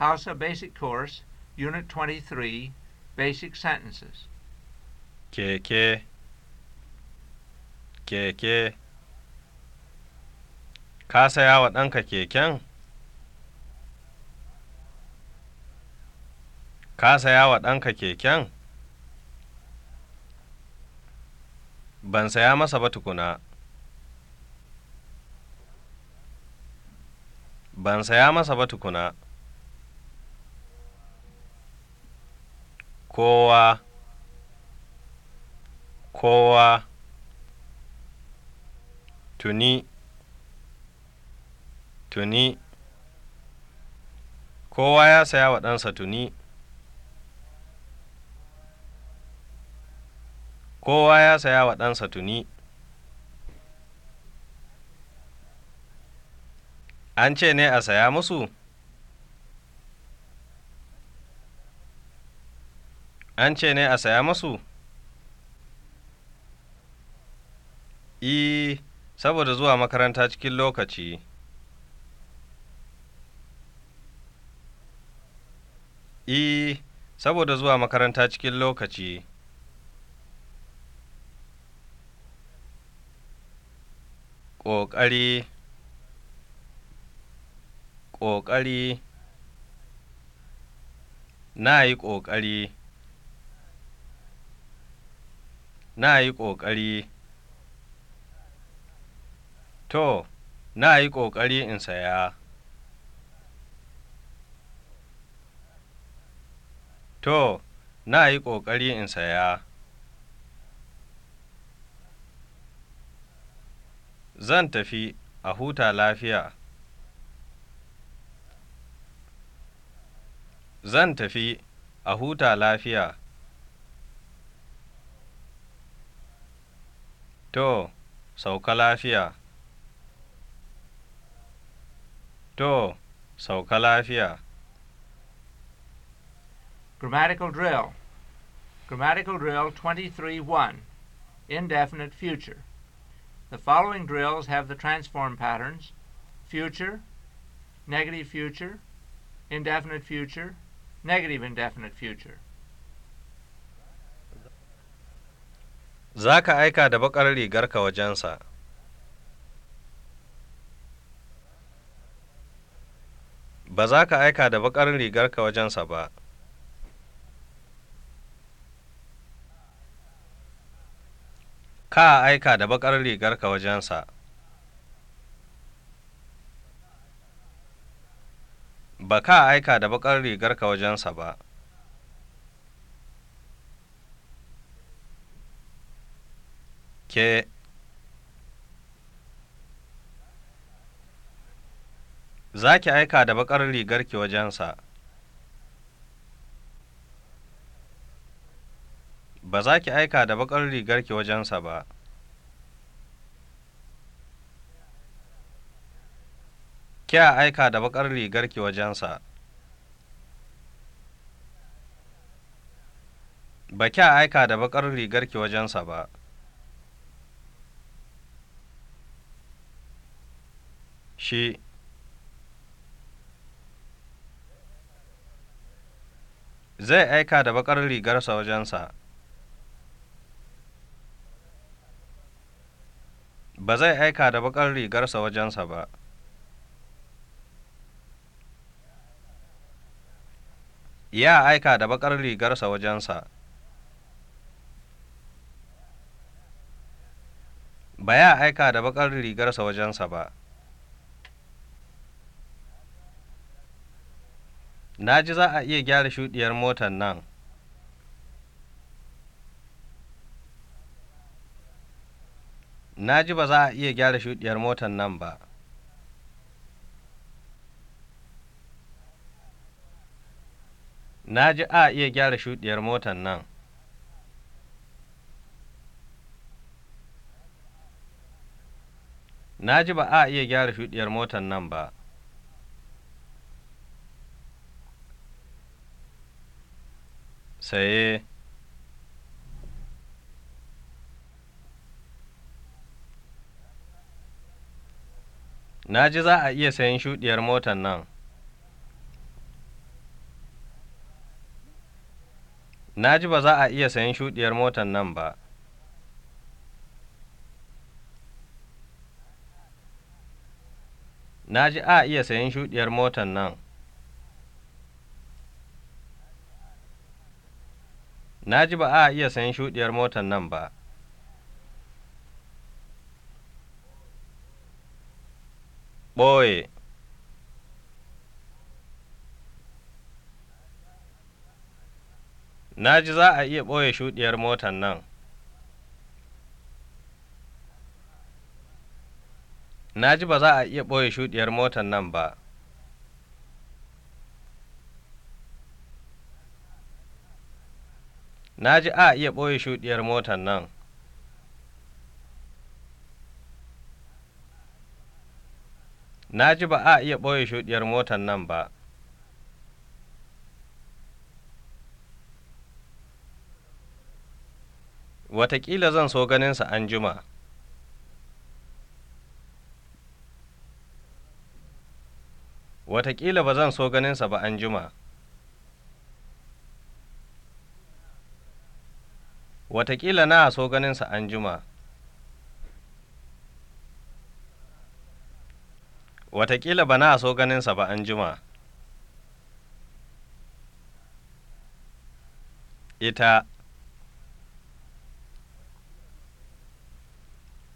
Hausa Basic Course, Unit 23, Basic Sentences. Keke. Keke. Ka saya wa ɗanka keken? Ka saya wa ɗanka keken? Ban saya masa ba tukuna. Ban saya masa ba tukuna. kowa kowa tuni tuni kowa ya saya wa ɗansa tuni kowa ya saya wa ɗansa tuni an ce ne a saya musu an ce ne a saya masu i e, saboda zuwa makaranta cikin lokaci i e, saboda zuwa makaranta cikin lokaci ƙoƙari ƙoƙari na yi ƙoƙari na yi ƙoƙari to na yi ƙoƙari in saya to na yi ƙoƙari in saya zan tafi a huta lafiya zan tafi a huta lafiya To, sauka lafiya. To, sauka lafiya. Grammatical drill. Grammatical drill 23-1. Indefinite future. The following drills have the transform patterns future, negative future, indefinite future, negative indefinite future. za ka aika da baƙar rigarka wajensa ba za ka aika da baƙar rigarka wajensa ba ka aika da baƙar rigarka wajensa ba ka aika da baƙar rigarka wajensa ba και za ki aika da bakar rigarki wajensa ba za ki aika da bakar rigarki wajensa ba kya aika da bakar rigarki wajensa ba kya aika da bakar rigarki wajensa ba shi zai aika da bakar rigarsa wajensa ba zai aika da bakar rigarsa wajensa ba ya aika da bakar rigarsa wajensa ba ya aika da bakar rigarsa wajensa ba Na ji za a iya gyara shuɗiyar motar nan. Na ji ba za a iya gyara shuɗiyar motar nan ba. Na ji a iya gyara shuɗiyar motar nan. Na ji ba a iya gyara shuɗiyar motar nan ba. aí. Na ji za a iya sayan shuɗiyar motar nan. Na ji ba za a iya sayan shuɗiyar motar nan ba. Na ji a iya sayan shuɗiyar motar nan. na ji ba a iya sayan shuɗiyar motar nan ba ɓoye na ji za a iya ɓoye shuɗiyar motar nan na ji ba za a iya ɓoye shuɗiyar motar nan ba na ji a iya ɓoye shuɗiyar motar nan na ji ba a iya ɓoye shuɗiyar motar nan ba Wataƙila zan so ganinsa an jima Wataƙila ba zan so ganinsa ba an jima wataƙila na so ganinsa an jima wataƙila ba na so sa ba an jima ita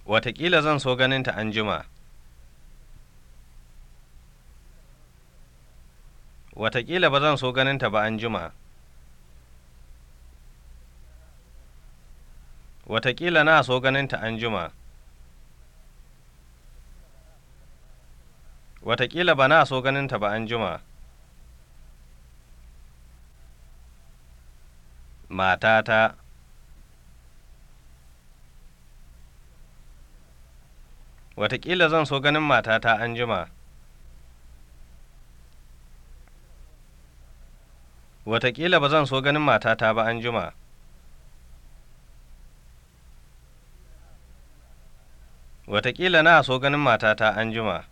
wataƙila zan so ganinta an jima wataƙila ba zan so ta ba an jima Wataƙila na so ganinta an jima. Wataƙila ba na so ganinta ba an jima. Matata Wataƙila zan so ganin matata an jima. Wataƙila ba zan so ganin matata ba an jima. Wataƙila na so ganin matata an jima.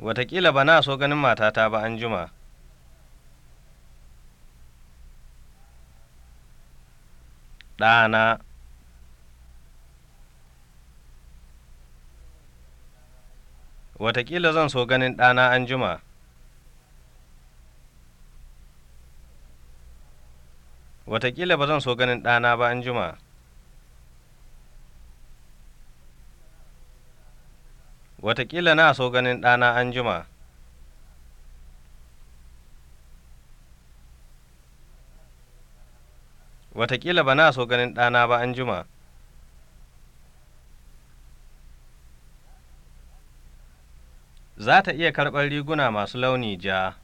Wataƙila ba na so ganin matata ba an jima. Ɗana Wataƙila zan so ganin ɗana an jima. Wataƙila ba zan so ganin ɗana ba an jima. Wataƙila na so ganin ɗana an jima. Wataƙila ba na so ganin ɗana ba an jima. Za ta iya karɓar riguna masu launi ja.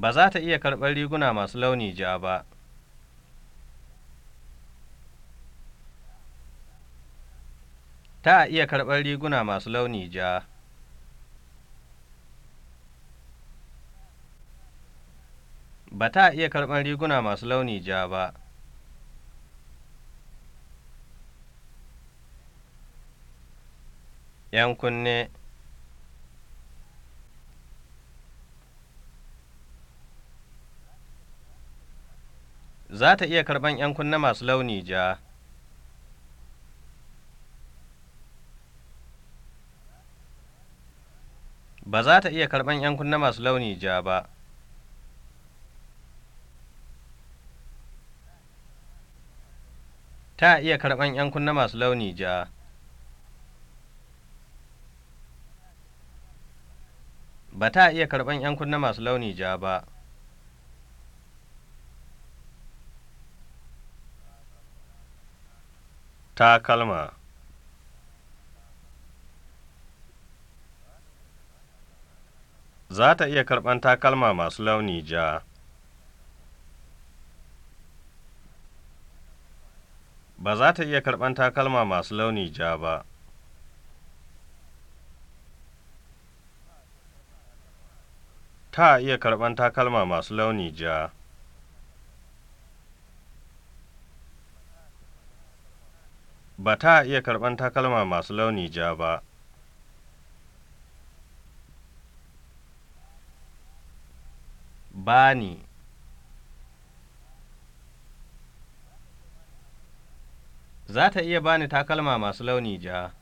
ba za ta iya karɓar riguna masu launi ja ba. Ta iya karɓar riguna masu launi ja. Ba ta iya karɓar riguna masu launi ja ba. ‘Yan kunne’ za ta iya karɓan 'yan kunna masu launi ja ba za ta iya karɓan 'yan kunna masu launi ja ba ta iya karɓan 'yan kunna masu launi ja ba ta iya karɓan 'yan kunna masu launi ja ba takalma za ta iya karɓan takalma masu launi ja ba za ta iya karɓan takalma masu launi ja ba ta iya karɓan takalma masu launi ja ba ta iya karɓan takalma masu launi ja ba. Bani Za ta iya bani takalma masu launi ja.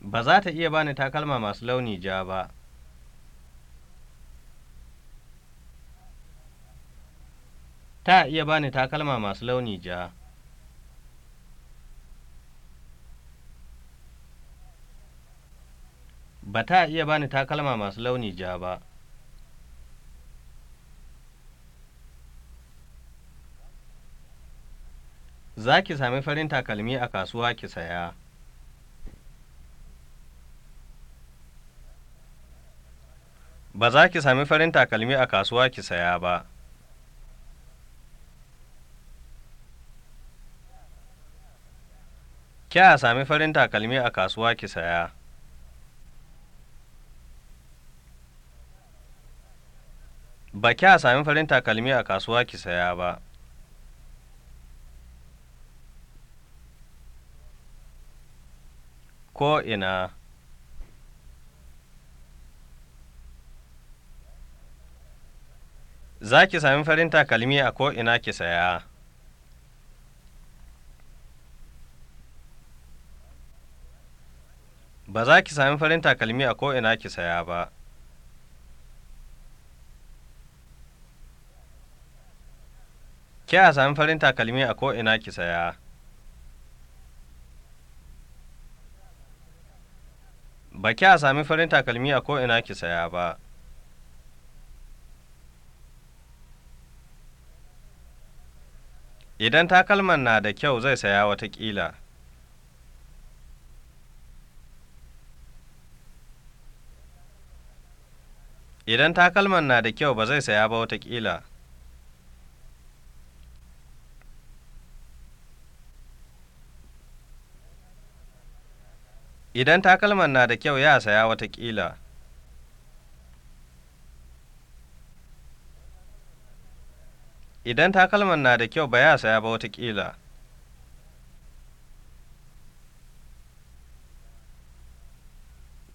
Ba za ta iya bani takalma masu launi ja ba. ta iya ni takalma masu launi ja ba ta iya bani takalma masu launi ja ba za ki sami farin takalmi a kasuwa ki saya ba za ki sami farin takalmi a kasuwa ki saya ba Kya sami farin takalmi a kasuwa ki saya. Ba kya sami farin takalmi a kasuwa ki saya ba. Ko ina. Za ki sami farin takalmi a ko ina ki saya. Ba za ki sami farin takalmi a ko'ina ki saya ba. Ki a sami farin takalmi a ko'ina ki saya. Ba ki a sami farin takalmi a ko'ina ki saya ba. Idan takalman na da kyau zai saya watakila. Idan takalman na da kyau ba zai saya ba watakila. Idan takalman na da kyau ya saya watakila. Idan takalman na da kyau ba ya saya ba watakila.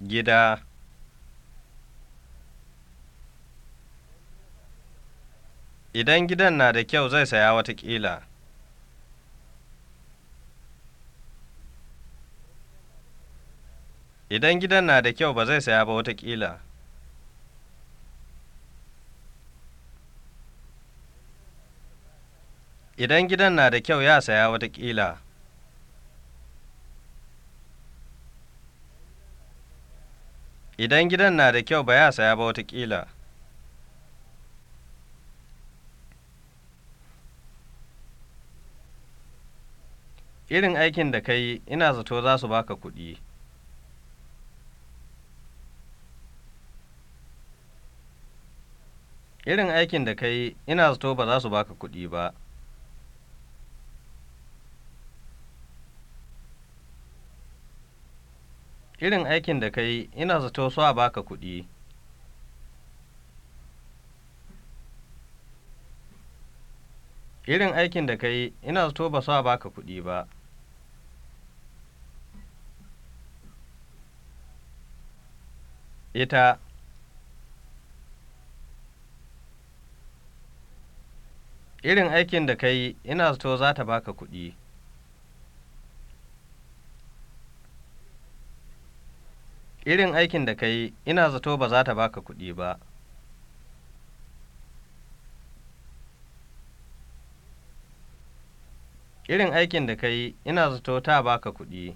Gida Idan gidan na da kyau zai saya watakila. Idan gidan na da kyau ba zai saya ba watakila. Idan gidan na da kyau ya saya watakila. Idan gidan na da kyau ba ya saya ba watakila. Irin aikin da ka yi ina zato za su baka kuɗi. Irin aikin da ka yi ina zato ba za su baka kuɗi ba. Irin aikin da ka yi ina zato su a baka kuɗi. Irin aikin da ka yi ina zato ba su a baka kuɗi ba. ita irin aikin da ka yi ina zato za ta baka kuɗi irin aikin da ka yi ina zato ba za ta baka kuɗi ba irin aikin da ka yi ina zato ta baka kuɗi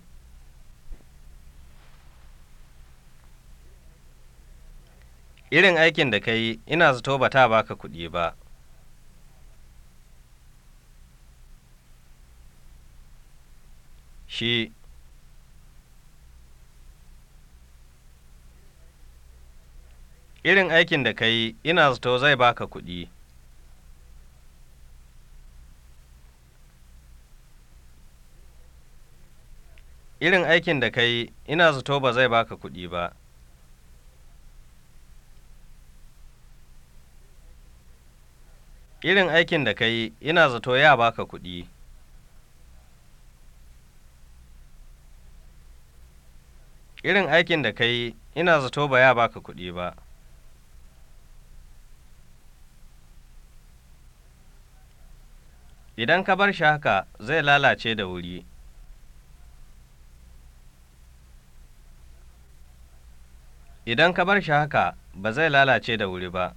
irin aikin da ka yi ina zato ba ta baka kuɗi ba shi irin aikin da ka yi ina zato zai baka kuɗi irin aikin da ka yi ina zato ba zai baka kuɗi ba irin aikin da ka yi ina zato ya baka kuɗi irin aikin da ka yi ina zato ba ya baka kuɗi ba idan ka bar shi haka zai lalace da wuri idan ka bar shi haka ba zai lalace da wuri ba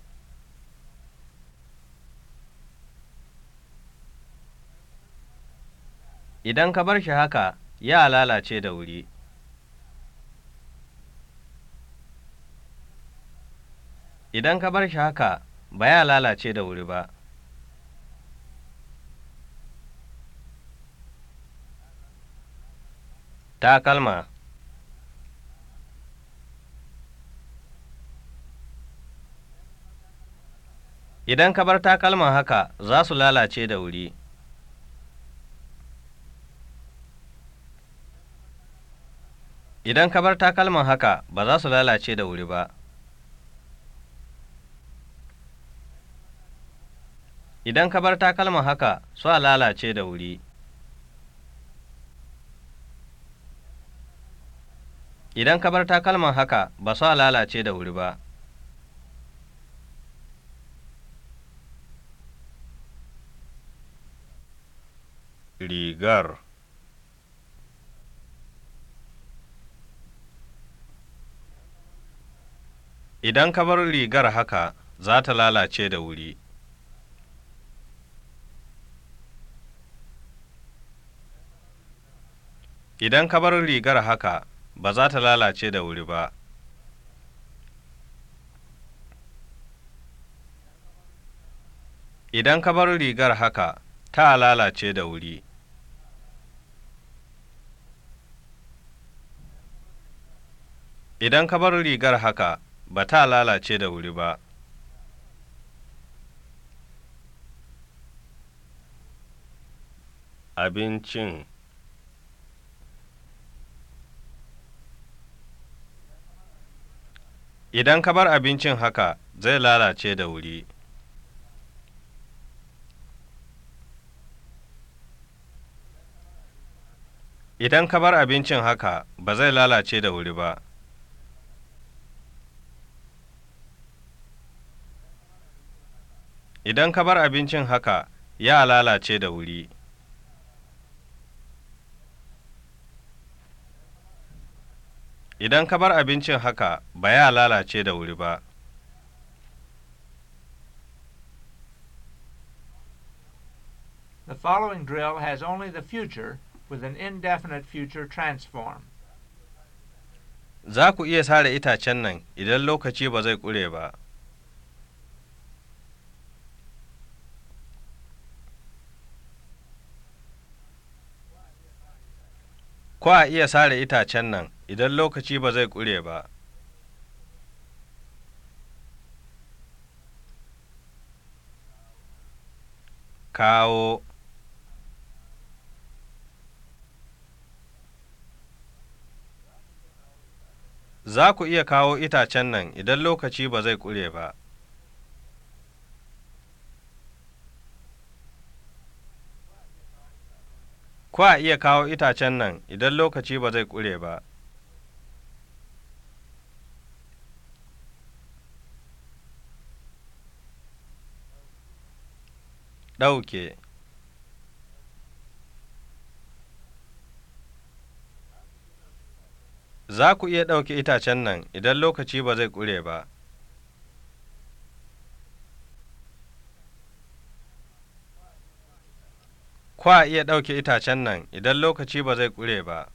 idan ka bar shi haka ya lalace da wuri idan ka bar shi haka ba ya lalace da wuri ba takalma idan ka bar takalman haka za su lalace da wuri Idan ka bar takalman haka ba za su lalace da wuri ba. Idan ka bar takalman haka su lalace da wuri. Idan ka bar takalman haka ba su a lalace da wuri ba. Rigar Idan ka bar rigar haka za ta lalace da wuri. Idan ka bar rigar haka ba za ta lalace da wuri ba. Idan ka bar rigar haka ta lalace da wuri. Idan ka bar rigar haka ba ta lalace da wuri ba abincin idan ka bar abincin haka zai lalace da wuri idan ka bar abincin haka ba zai lalace da wuri ba Idan ka bar abincin haka, ya lalace da wuri. Idan ka bar abincin haka, ba ya lalace da wuri ba. The following drill has only the future with an indefinite future transform. Za ku iya sare itacen nan idan lokaci ba zai ƙure ba. ko a iya sare itacen nan idan lokaci ba zai ƙure ba. Kawo Za ku iya kawo itacen nan idan lokaci ba zai ƙure ba. Kwa iya kawo itacen nan idan lokaci ba zai ƙure ba. ɗauke Za ku iya ɗauke itacen nan idan lokaci ba zai ƙure ba. kwa iya ɗauke itacen nan idan lokaci ba zai ƙure ba.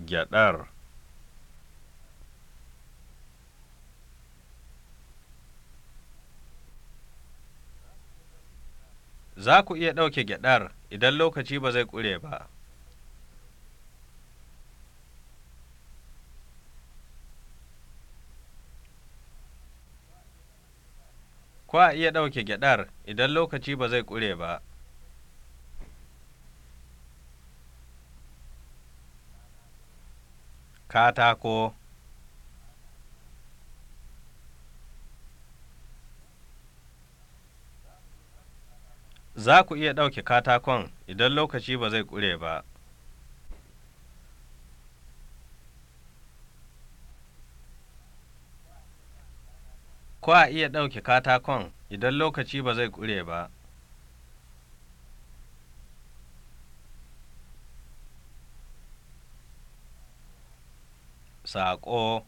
Gyaɗar Za ku iya ɗauke gyaɗar idan lokaci ba zai ƙure ba. ko a iya ɗauke gyaɗar idan lokaci ba zai ƙure ba. Katako Za ku iya ɗauke katakon idan lokaci ba zai ƙure ba. ko a iya ɗauke katakon idan lokaci ba zai ƙure ba. Saƙo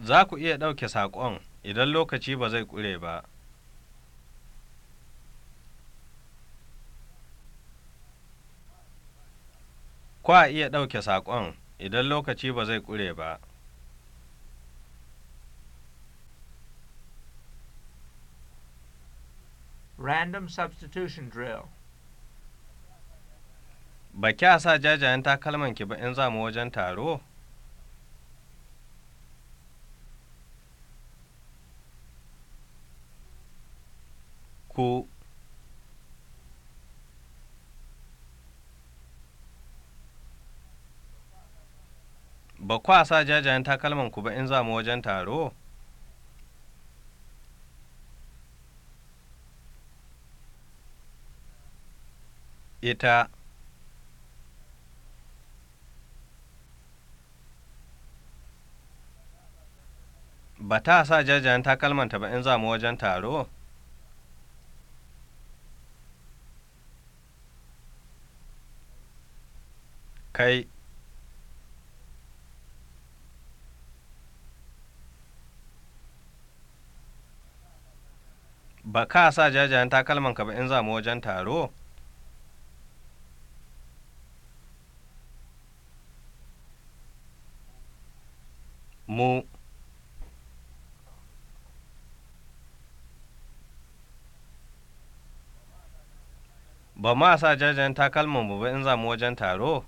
Za ku iya ɗauke saƙon idan lokaci ba zai ƙure ba. ko a iya ɗauke saƙon idan lokaci ba zai ƙure ba. Random substitution drill. Ba kya sa jajayen takalman ki ba in za mu wajen taro? Ku ba kwa sa jajayen takalman ku ba in za mu wajen taro ita ba ta sa jajayen takalmanta ba in za mu wajen taro kai ba ka sa jajayen takalman ka ba in za mu wajen taro mu ba ma sa jajayen takalman mu ba in za mu wajen taro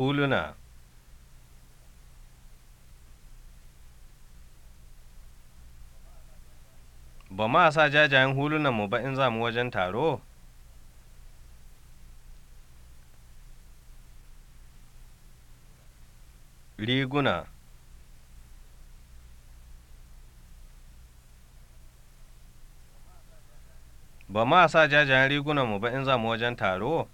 huluna ba ma sa jajayen hulunanmu ba in za mu wajen taro riguna ba ma sa jajayen rigunanmu ba in za mu wajen taro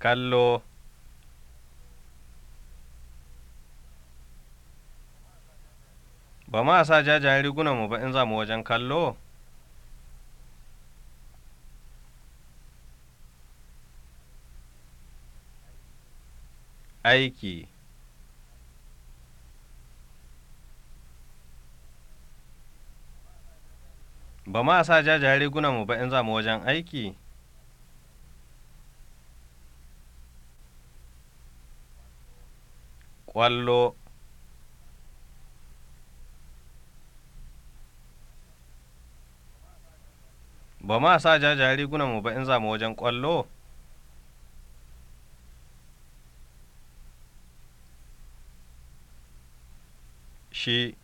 kallo ba ma sa jajayen rigunan mu ba in za mu wajen kallo aiki ba ma sa jajayen rigunan mu ba in za mu wajen aiki ƙwallo ba ma sa jajayen rigunan mu ba in za mu wajen ƙwallo shi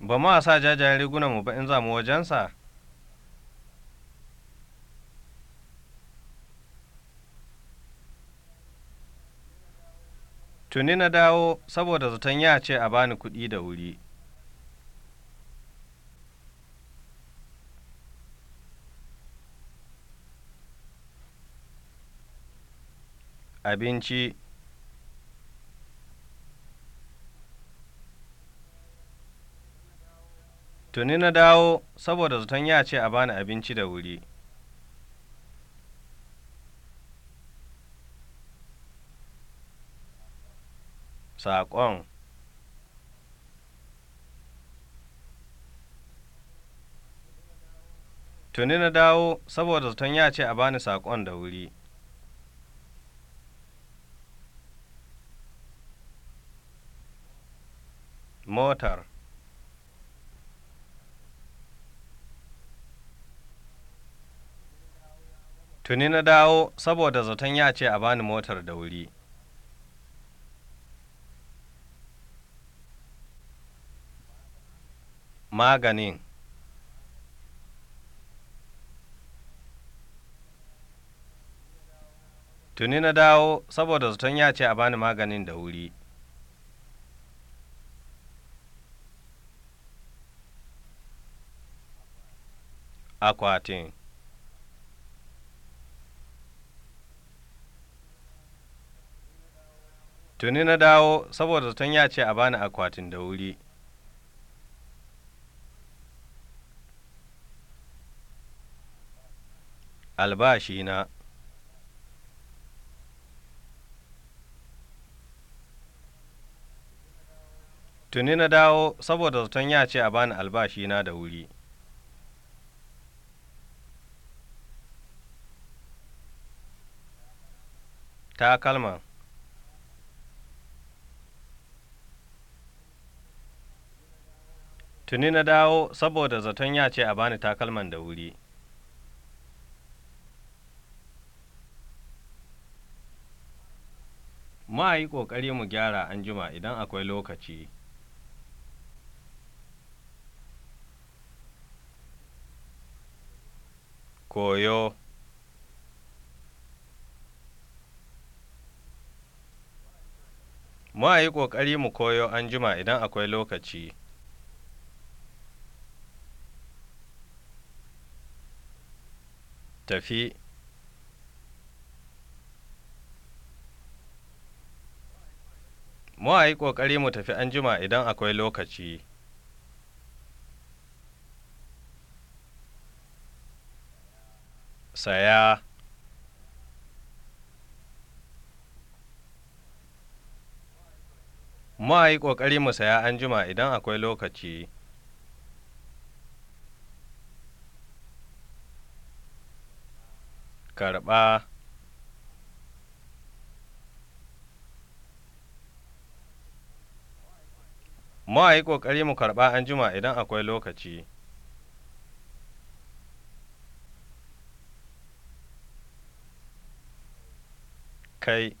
ba ma sa jajayen rigunan mu ba in za mu wajensa Tuni na dawo saboda zaton ya ce a bani kuɗi da wuri. Abinci Tuni na dawo saboda zaton ya ce a bani abinci da wuri. Saƙon tuni na dawo saboda zaton ya ce a bani saƙon da wuri. Motar Tuni na dawo saboda zaton ya ce a bani motar da wuri. maganin tuni na dawo saboda zaton ya ce a bani maganin da wuri akwatin tuni na dawo saboda zaton ya ce a bani akwatin da wuri albashina tuni na dawo saboda zaton ya ce a bani albashina da wuri takalma tuni na dawo saboda zaton ya ce a bani takalman da wuri ma yi ƙoƙari mu gyara anjima idan akwai lokaci koyo ma yi ƙoƙari mu koyo anjima idan akwai lokaci tafi mu a yi ƙoƙari mu tafi an anjima idan akwai lokaci saya mu a yi ƙoƙari mu saya an anjima idan akwai lokaci karɓa mu a yi ƙoƙari mu karɓa an juma idan akwai lokaci kai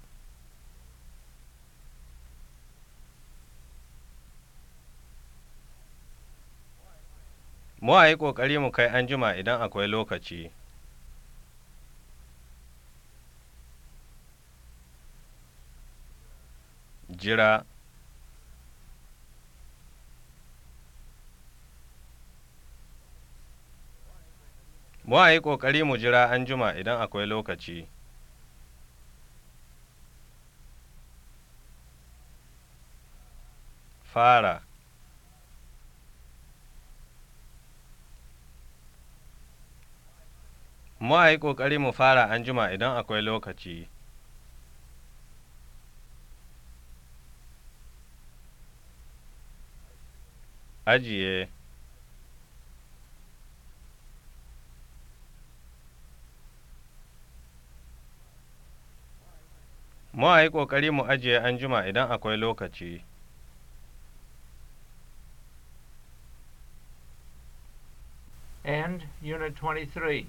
mu a yi ƙoƙari mu kai an juma idan akwai lokaci jira mu a yi ƙoƙari mu jira an juma idan akwai lokaci fara mu a yi ƙoƙari mu fara an juma idan akwai lokaci ajiye mu a yi ƙoƙari mu ajiye anjima idan akwai lokaci and unit 23